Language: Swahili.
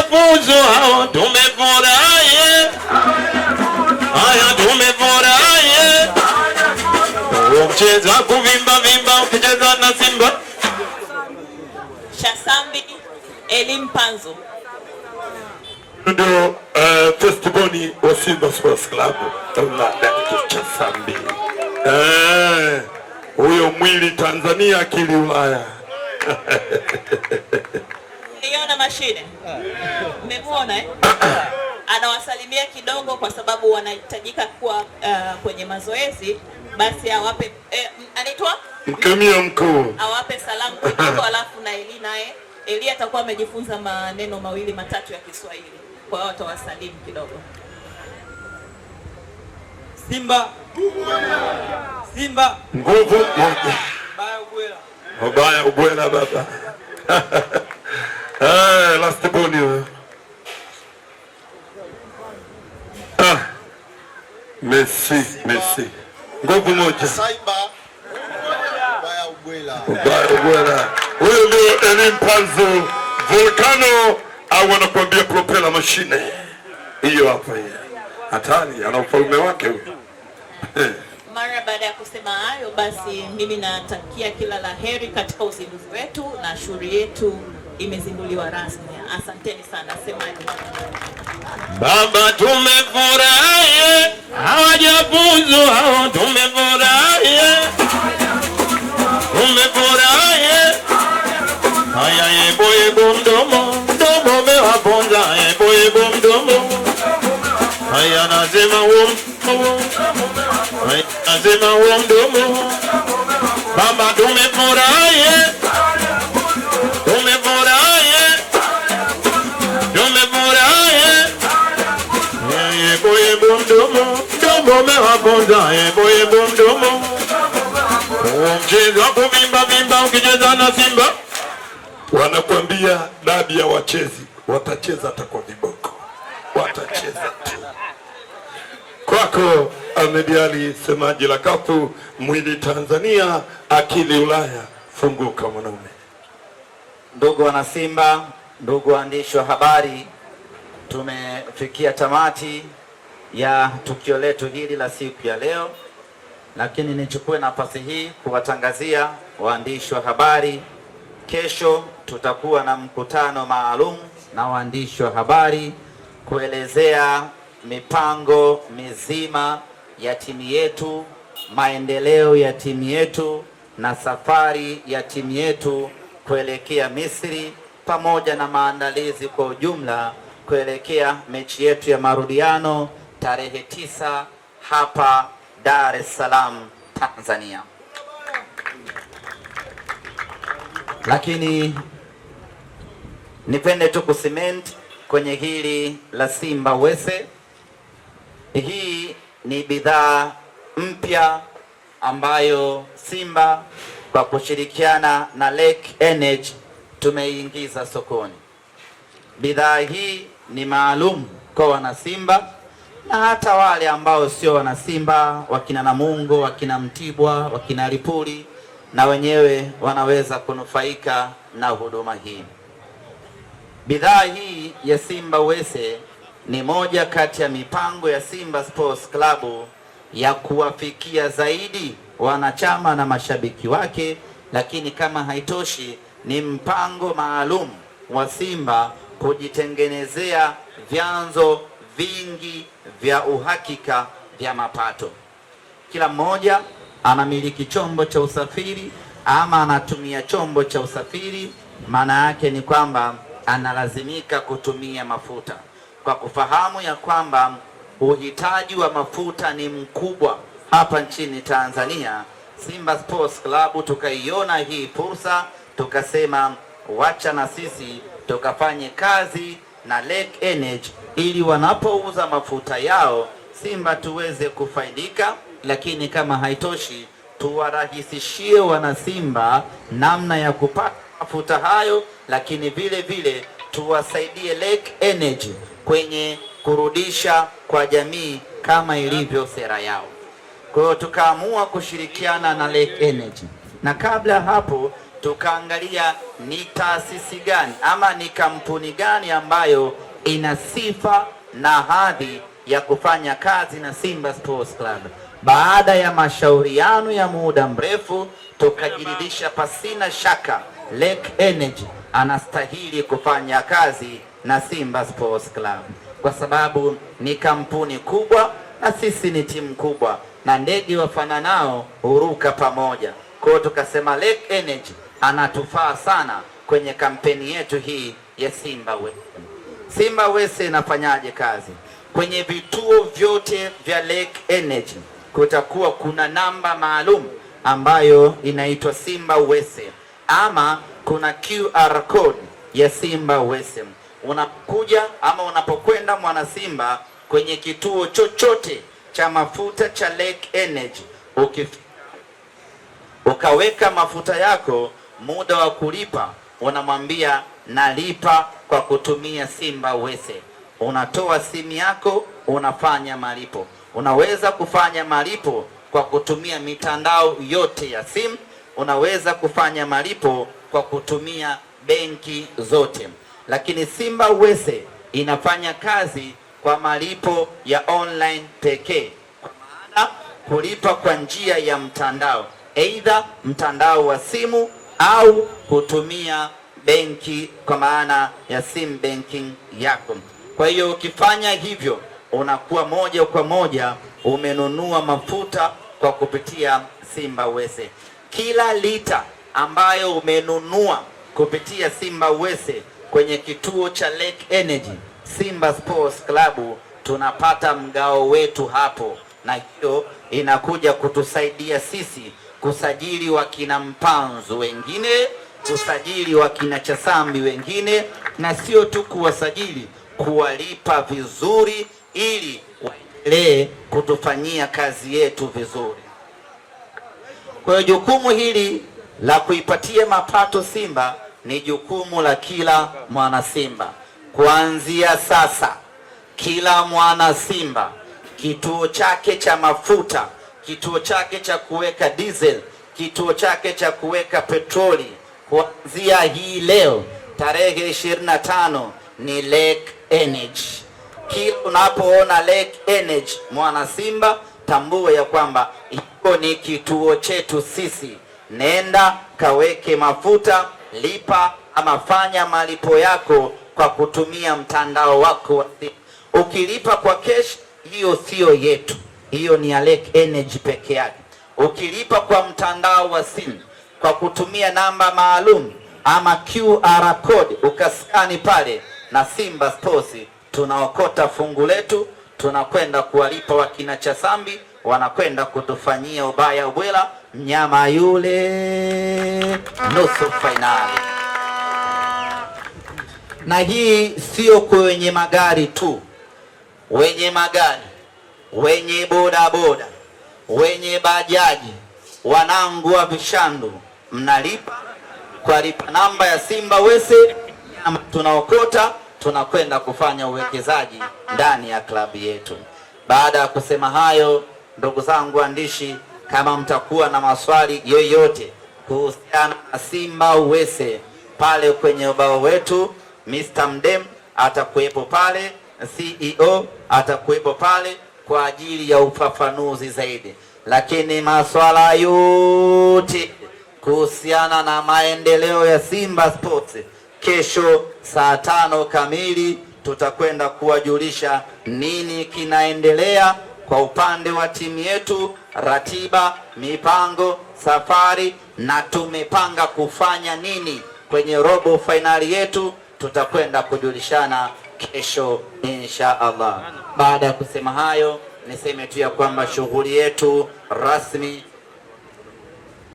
wanafunzo hao tumefurahi, haya tumefurahi. Mcheza kuvimba vimba ukicheza na Simba. Shasambi Elim Panzo ndio uh, testimony wa Simba Sports Club Chasambi eh, huyo, eh, mwili Tanzania, akili Ulaya na mashine mmemuona eh? Anawasalimia kidogo, kwa sababu wanahitajika kuwa uh, kwenye mazoezi, basi awape eh, anaitwa mkemia mkuu, awape salamu kidogo, alafu na Eli naye eh. Eli atakuwa amejifunza maneno mawili matatu ya Kiswahili, kwa hiyo atawasalimu kidogo. Simba Simba, nguvu moja, ubaya ubwela baba Hey, last boni wewe. Ah. Messi, Messi. Nguvu moja. Saiba. Ubaya ubwela. Huyo ndio Elim Panzo Volcano au anakuambia propeller mashine. Hiyo hapa hiyo. Hatari, ana ufalme wake huyo. Mara baada ya kusema hayo basi, mimi natakia kila la heri katika uzinduzi wetu na shughuli yetu imezinduliwa rasmi. Asanteni sana Semaji. Baba, tumefurahi hawajafuzu hao, tumefurahi tumefurahi haya, yebo yebo mdomo mdomo e ukicheza na Simba wanakwambia dabi ya wachezi, watacheza hata kwa viboko, watacheza tu. Kwako amediali semaji la kafu, mwili Tanzania, akili Ulaya. Funguka mwanaume. Ndugu wanasimba, ndugu waandishi wa habari, tumefikia tamati ya tukio letu hili la siku ya leo, lakini nichukue nafasi hii kuwatangazia waandishi wa habari, kesho tutakuwa na mkutano maalum na waandishi wa habari kuelezea mipango mizima ya timu yetu, maendeleo ya timu yetu na safari ya timu yetu kuelekea Misri pamoja na maandalizi kwa ujumla kuelekea mechi yetu ya marudiano tarehe tisa hapa Dar es Salaam Tanzania. Lakini nipende tu kucement kwenye hili la Simba Wese. Hii ni bidhaa mpya ambayo Simba kwa kushirikiana na Lake Energy tumeingiza sokoni. Bidhaa hii ni maalum kwa simba na hata wale ambao sio wanasimba, wakina Namungo, wakina Mtibwa, wakina Lipuli na wenyewe wanaweza kunufaika na huduma hii. Bidhaa hii ya Simba wese ni moja kati ya mipango ya Simba Sports Club ya kuwafikia zaidi wanachama na mashabiki wake, lakini kama haitoshi, ni mpango maalum wa Simba kujitengenezea vyanzo vingi vya uhakika vya mapato. Kila mmoja anamiliki chombo cha usafiri ama anatumia chombo cha usafiri, maana yake ni kwamba analazimika kutumia mafuta kwa kufahamu ya kwamba uhitaji wa mafuta ni mkubwa hapa nchini Tanzania. Simba Sports Club tukaiona hii fursa, tukasema wacha na sisi tukafanye kazi na Lake Energy ili wanapouza mafuta yao Simba tuweze kufaidika, lakini kama haitoshi tuwarahisishie wanasimba namna ya kupata mafuta hayo, lakini vile vile tuwasaidie Lake Energy kwenye kurudisha kwa jamii kama ilivyo sera yao. Kwa hiyo tukaamua kushirikiana na Lake Energy na kabla hapo tukaangalia ni taasisi gani ama ni kampuni gani ambayo ina sifa na hadhi ya kufanya kazi na Simba Sports Club. Baada ya mashauriano ya muda mrefu, tukajiridhisha pasina shaka Lake Energy anastahili kufanya kazi na Simba Sports Club kwa sababu ni kampuni kubwa na sisi ni timu kubwa, na ndege wafananao huruka pamoja. Kwa hiyo tukasema Lake Energy anatufaa sana kwenye kampeni yetu hii ya Simba We. Simba Wese inafanyaje kazi? Kwenye vituo vyote vya Lake Energy kutakuwa kuna namba maalum ambayo inaitwa Simba Wese ama kuna QR code ya Simba Wese. Unakuja ama unapokwenda mwana Simba kwenye kituo chochote cha mafuta cha Lake Energy, ukif ukaweka mafuta yako muda wa kulipa unamwambia nalipa kwa kutumia Simba Wese. Unatoa simu yako, unafanya malipo. Unaweza kufanya malipo kwa kutumia mitandao yote ya simu, unaweza kufanya malipo kwa kutumia benki zote, lakini Simba Wese inafanya kazi kwa malipo ya online pekee, kwa maana kulipa kwa njia ya mtandao, aidha mtandao wa simu au kutumia benki kwa maana ya sim banking yako. Kwa hiyo ukifanya hivyo, unakuwa moja kwa moja umenunua mafuta kwa kupitia Simba Wese. Kila lita ambayo umenunua kupitia Simba Wese kwenye kituo cha Lake Energy Simba Sports Club tunapata mgao wetu hapo, na hiyo inakuja kutusaidia sisi usajili wa kina Mpanzu wengine, usajili wa kina Chasambi wengine, na sio tu kuwasajili, kuwalipa vizuri ili waendelee kutufanyia kazi yetu vizuri. Kwa hiyo jukumu hili la kuipatia mapato Simba ni jukumu la kila mwana Simba. Kuanzia sasa, kila mwana Simba kituo chake cha mafuta kituo chake cha kuweka diesel, kituo chake cha kuweka petroli kuanzia hii leo tarehe 25 ni Lake Energy. Kila unapoona Lake Energy, mwana Simba, tambua ya kwamba hiko ni kituo chetu sisi. Nenda kaweke mafuta, lipa ama fanya malipo yako kwa kutumia mtandao wako. Ukilipa kwa cash, hiyo sio yetu hiyo ni Alek Energy peke yake. Ukilipa kwa mtandao wa simu kwa kutumia namba maalum ama QR code ukaskani pale, na Simba Sports tunaokota fungu letu, tunakwenda kuwalipa wakina Chasambi, wanakwenda kutufanyia ubaya ubwela, mnyama yule nusu fainali. Na hii sio kwenye magari tu, wenye magari wenye bodaboda, wenye bajaji, wanangu wa vishandu, mnalipa kwa lipa namba ya Simba Wese, ama tunaokota tunakwenda kufanya uwekezaji ndani ya klabu yetu. Baada ya kusema hayo, ndugu zangu waandishi, kama mtakuwa na maswali yoyote kuhusiana na Simba wese pale kwenye ubao wetu Mr. Mdem atakuwepo pale, CEO atakuwepo pale kwa ajili ya ufafanuzi zaidi, lakini masuala yote kuhusiana na maendeleo ya Simba Sports kesho saa tano kamili tutakwenda kuwajulisha nini kinaendelea kwa upande wa timu yetu, ratiba, mipango, safari na tumepanga kufanya nini kwenye robo fainali yetu, tutakwenda kujulishana kesho insha Allah. Baada ya kusema hayo, niseme tu ya kwamba shughuli yetu rasmi